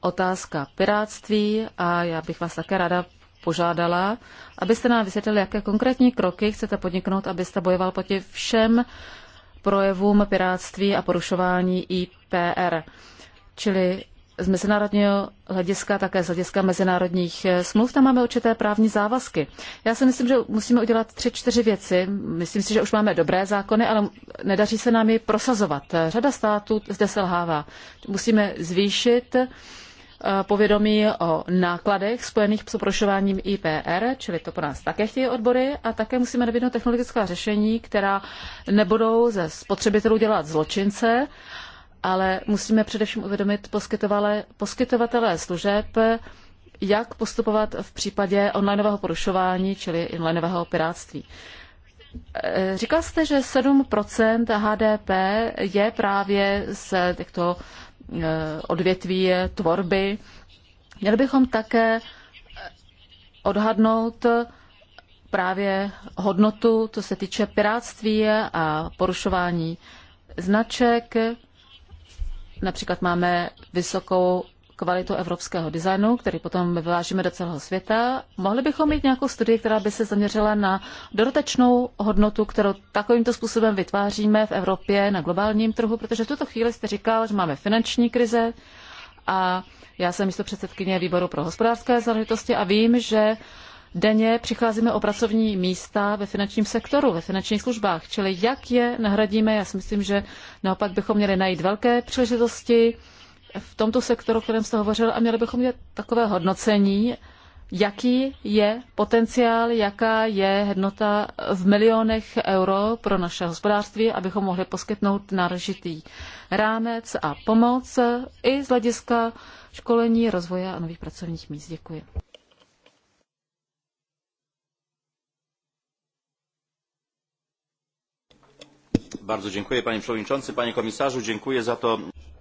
otázka piráctví a já bych vás také ráda požádala, abyste nám vysvětlili, jaké konkrétní kroky chcete podniknout, abyste bojoval proti všem projevům piráctví a porušování IPR, čili z mezinárodního hlediska, také z hlediska mezinárodních smluv, tam máme určité právní závazky. Já si myslím, že musíme udělat tři, čtyři věci. Myslím si, že už máme dobré zákony, ale nedaří se nám je prosazovat. Řada států zde selhává. Musíme zvýšit uh, Eh, povědomí o nákladech spojených s oprošováním IPR, čili to po nás také chtějí odbory, a také musíme nabídnout technologická řešení, která nebudou ze spotřebitelů dělat zločince, ale musíme především uvědomit poskytovatele služeb, jak postupovat v případě onlineového porušování, čili onlineového piráctví. Eh, říkal jste, že 7 HDP je právě z těchto Eh, odvětví tvorby. Měli bychom také odhadnout právě hodnotu, co se týče pirátství a porušování značek. Například máme vysokou kvalitu evropského designu, který potom vyvážíme do celého světa. Mohli bychom mít nějakou studii, která by se zaměřila na dodatečnou hodnotu, kterou takovýmto způsobem vytváříme v Evropě na globálním trhu, protože v tuto chvíli jste říkal, že máme finanční krize a já jsem místo předsedkyně výboru pro hospodářské záležitosti a vím, že denně přicházíme o pracovní místa ve finančním sektoru, ve finančních službách. Čili jak je nahradíme, já si myslím, že naopak bychom měli najít velké příležitosti, v tomto sektoru, o kterém jste hovořil, a měli bychom mít takové hodnocení, jaký je potenciál, jaká je hodnota v milionech euro pro naše hospodářství, abychom mohli poskytnout náležitý rámec a pomoc i z hlediska školení, rozvoje a nových pracovních míst. Děkuji. Bardzo dziękuję panie przewodniczący, panie komisarzu, dziękuję za to.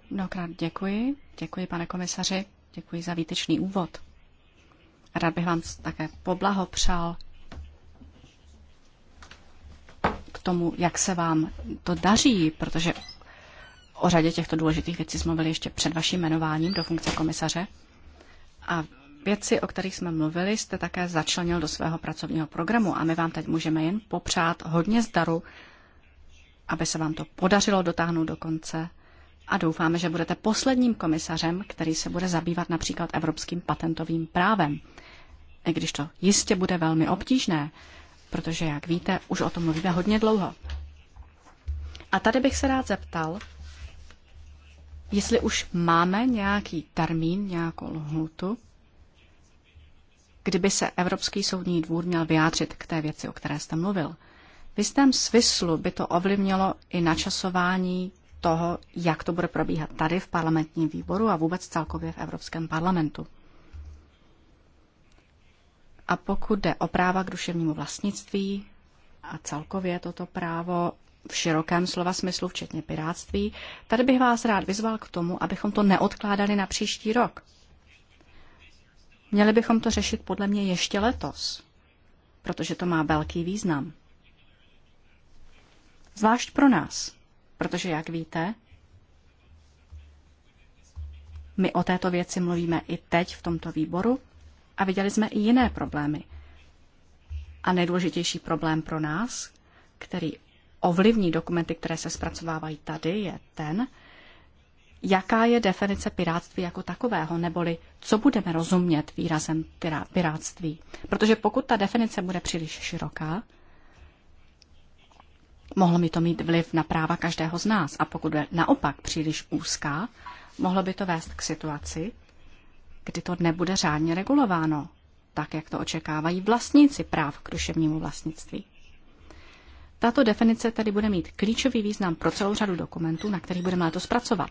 Mnohokrát děkuji. Děkuji, pane komisaři. Děkuji za výtečný úvod. A rád bych vám také poblahopřál k tomu, jak se vám to daří, protože o řadě těchto důležitých věcí jsme mluvili ještě před vaším jmenováním do funkce komisaře. A věci, o kterých jsme mluvili, jste také začlenil do svého pracovního programu a my vám teď můžeme jen popřát hodně zdaru, aby se vám to podařilo dotáhnout do konce a doufáme, že budete posledním komisařem, který se bude zabývat například evropským patentovým právem. I když to jistě bude velmi obtížné, protože, jak víte, už o tom mluvíme hodně dlouho. A tady bych se rád zeptal, jestli už máme nějaký termín, nějakou lhůtu, kdyby se Evropský soudní dvůr měl vyjádřit k té věci, o které jste mluvil. V jistém smyslu by to ovlivnilo i načasování toho, jak to bude probíhat tady v parlamentním výboru a vůbec celkově v Evropském parlamentu. A pokud jde o práva k duševnímu vlastnictví a celkově toto právo v širokém slova smyslu, včetně piráctví, tady bych vás rád vyzval k tomu, abychom to neodkládali na příští rok. Měli bychom to řešit podle mě ještě letos, protože to má velký význam. Zvlášť pro nás, Protože, jak víte, my o této věci mluvíme i teď v tomto výboru a viděli jsme i jiné problémy. A nejdůležitější problém pro nás, který ovlivní dokumenty, které se zpracovávají tady, je ten, jaká je definice piráctví jako takového, neboli co budeme rozumět výrazem piráctví. Protože pokud ta definice bude příliš široká, mohlo by to mít vliv na práva každého z nás. A pokud je naopak příliš úzká, mohlo by to vést k situaci, kdy to nebude řádně regulováno, tak jak to očekávají vlastníci práv k duševnímu vlastnictví. Tato definice tedy bude mít klíčový význam pro celou řadu dokumentů, na kterých budeme letos pracovat.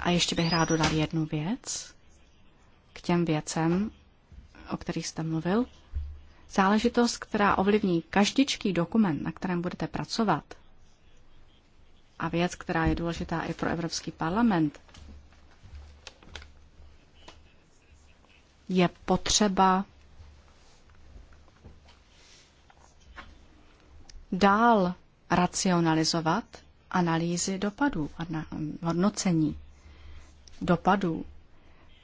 A ještě bych rád dodal jednu věc k těm věcem, o kterých jste mluvil záležitost, která ovlivní každičký dokument, na kterém budete pracovat, a věc, která je důležitá i pro Evropský parlament, je potřeba dál racionalizovat analýzy dopadů a hodnocení dopadů.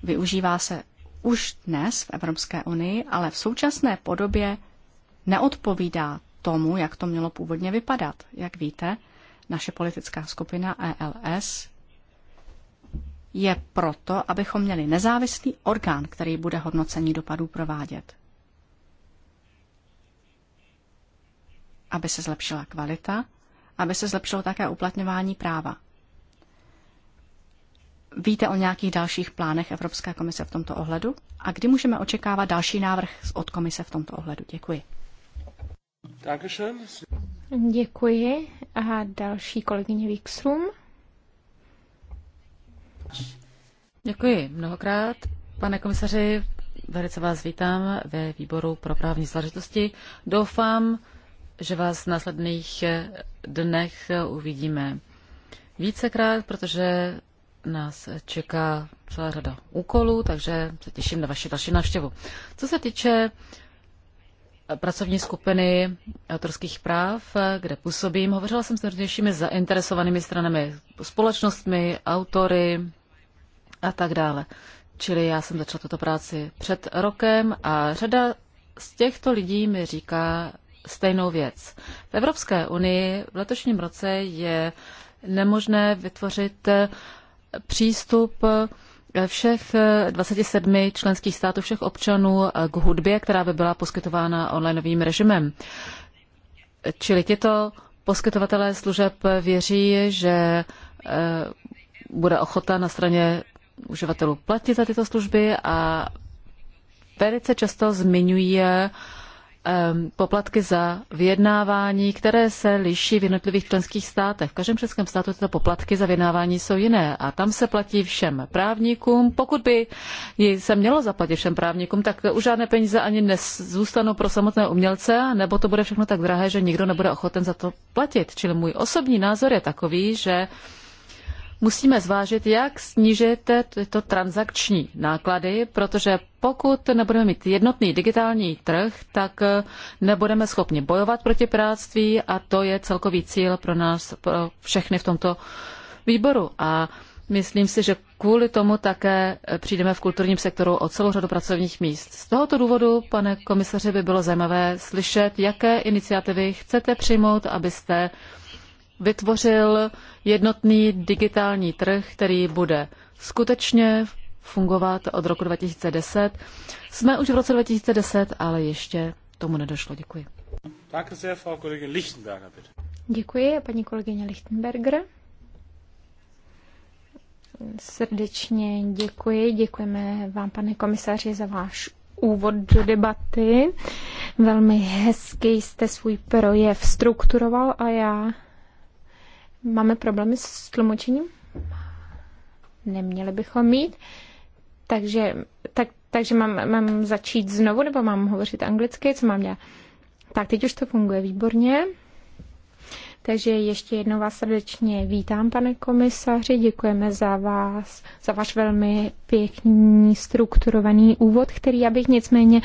Využívá se už dnes v Evropské unii, ale v současné podobě neodpovídá tomu, jak to mělo původně vypadat. Jak víte, naše politická skupina ELS je proto, abychom měli nezávislý orgán, který bude hodnocení dopadů provádět. Aby se zlepšila kvalita, aby se zlepšilo také uplatňování práva. Víte o nějakých dalších plánech Evropské komise v tomto ohledu? A kdy můžeme očekávat další návrh od komise v tomto ohledu? Děkuji. Děkuji. A další kolegyně Wikström. Děkuji mnohokrát. Pane komisaři, velice vás vítám ve výboru pro právní záležitosti. Doufám, že vás v následných dnech uvidíme vícekrát, protože nás čeká celá řada úkolů, takže se těším na vaši další návštěvu. Co se týče eh, pracovní skupiny autorských práv, eh, kde působím. Hovořila jsem s nejrůznějšími zainteresovanými stranami, společnostmi, autory a tak dále. Čili já jsem začala tuto práci před rokem a řada z těchto lidí mi říká stejnou věc. V Evropské unii v letošním roce je nemožné vytvořit eh, přístup všech 27 členských států, všech občanů k hudbě, která by byla poskytována onlineovým režimem. Čili tyto poskytovatelé služeb věří, že eh, bude ochota na straně uživatelů platit za tyto služby a velice často zmiňuje uh, poplatky za vyjednávání, které se liší v jednotlivých členských státech. V každém českém státu tyto poplatky za vyjednávání jsou jiné a tam se platí všem právníkům. Pokud by se mělo zaplatit všem právníkům, tak už žádné peníze ani nezůstanou pro samotné umělce, nebo to bude všechno tak drahé, že nikdo nebude ochoten za to platit. Čili můj osobní názor je takový, že musíme zvážit, jak snížit tyto transakční náklady, protože pokud nebudeme mít jednotný digitální trh, tak eh, nebudeme schopni bojovat proti práctví a to je celkový cíl pro nás, pro všechny v tomto výboru. A myslím si, že kvůli tomu také eh, přijdeme v kulturním sektoru o celou řadu pracovních míst. Z tohoto důvodu, pane komisaři, by bylo zajímavé slyšet, jaké iniciativy chcete přijmout, abyste vytvořil jednotný digitální trh, který bude skutečně fungovat od roku 2010. Jsme už v roce 2010, ale ještě tomu nedošlo. Děkuji. Děkuji, paní kolegyně Lichtenberger. Srdečně děkuji. Děkujeme vám, pane komisaři, za váš úvod do debaty. Velmi hezky jste svůj projev strukturoval a já Máme problémy s tlumočením? Neměli bychom mít. Takže, tak, takže mám, mám začít znovu, nebo mám hovořit anglicky, co mám dělat? Tak, teď už to funguje výborně. Takže ještě jednou vás srdečně vítám, pane komisaři. Děkujeme za vás, za váš velmi pěkný, strukturovaný úvod, který já bych nicméně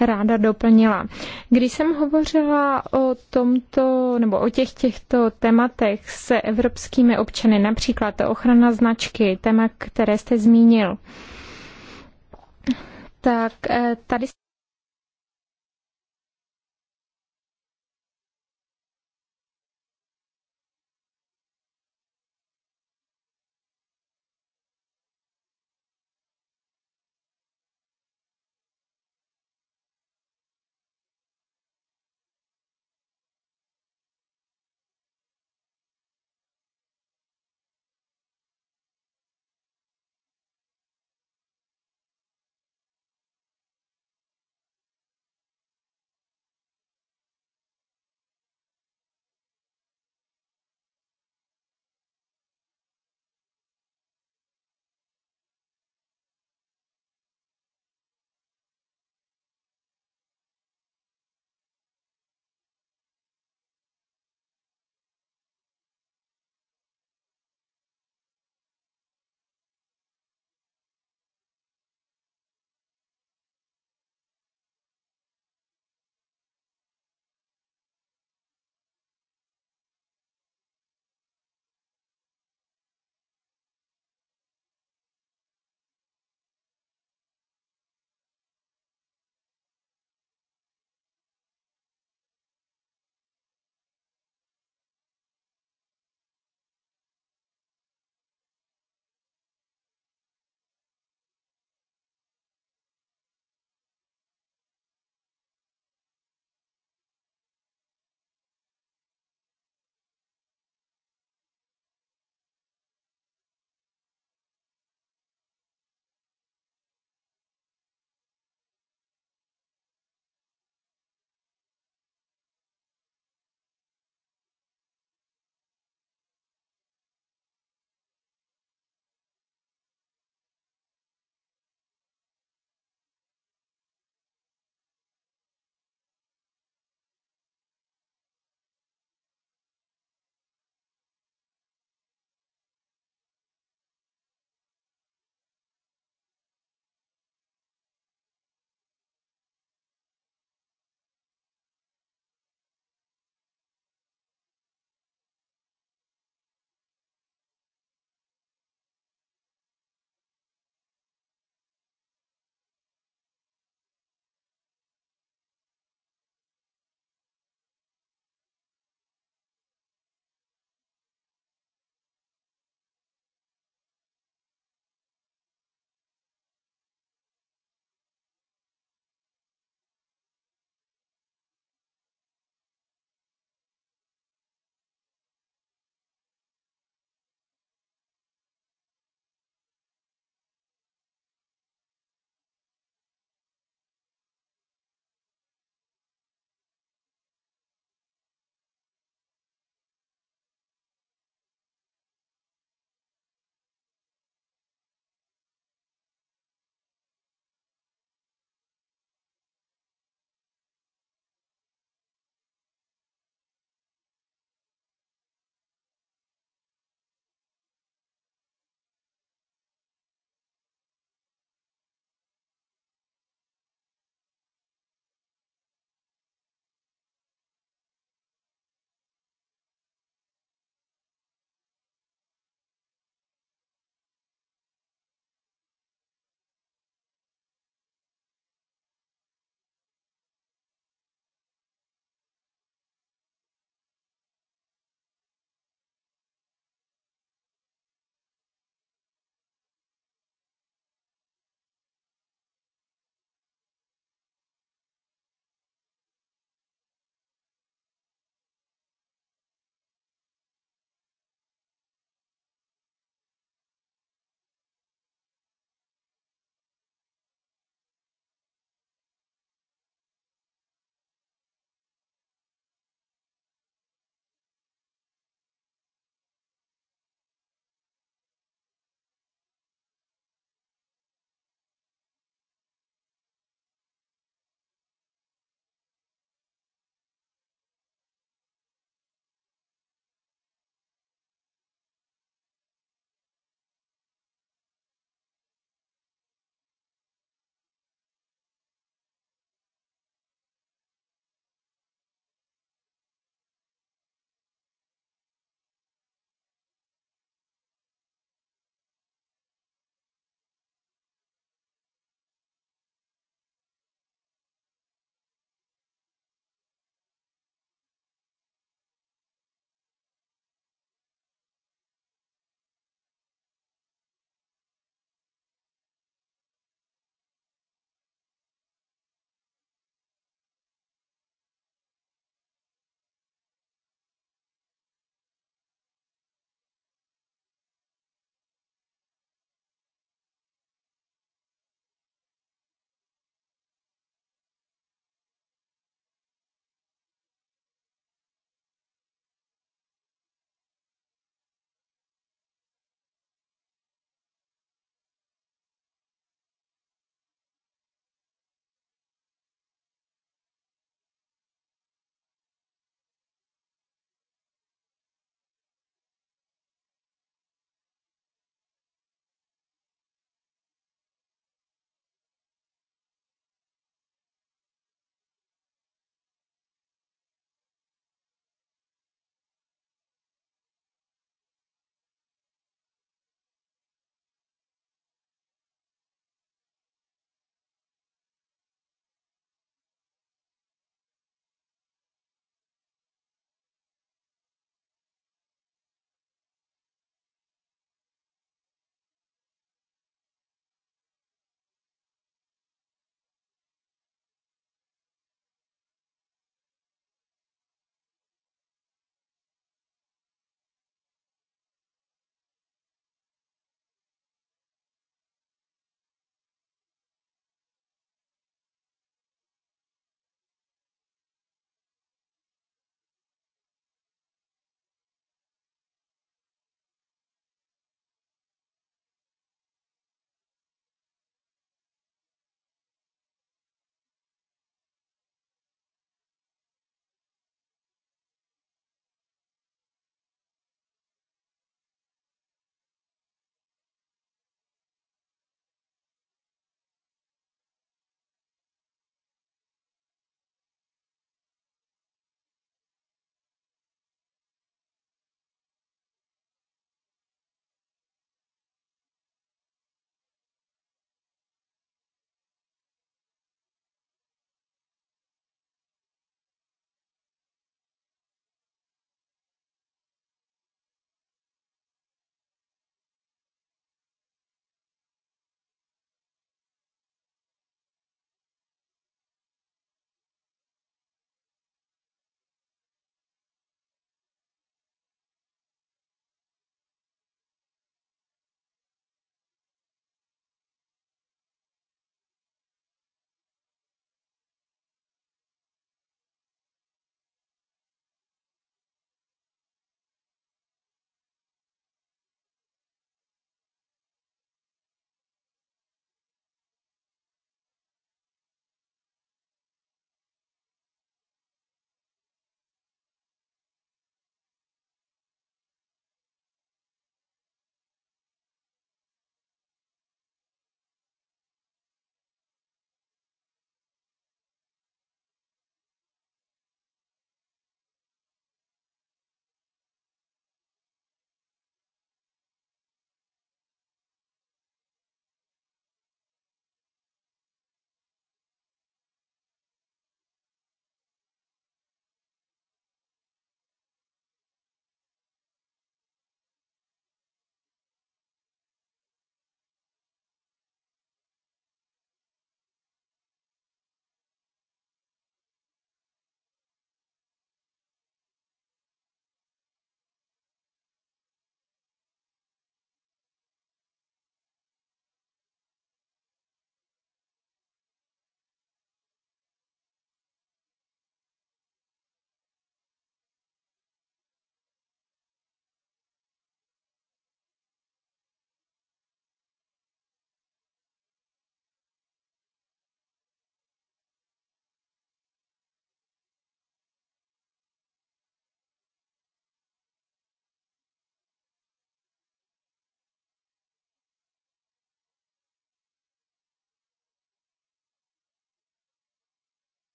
ráda doplnila. Když jsem hovořila o tomto, nebo o těch těchto tématech se evropskými občany, například ochrana značky, téma, které jste zmínil, tak eh, tady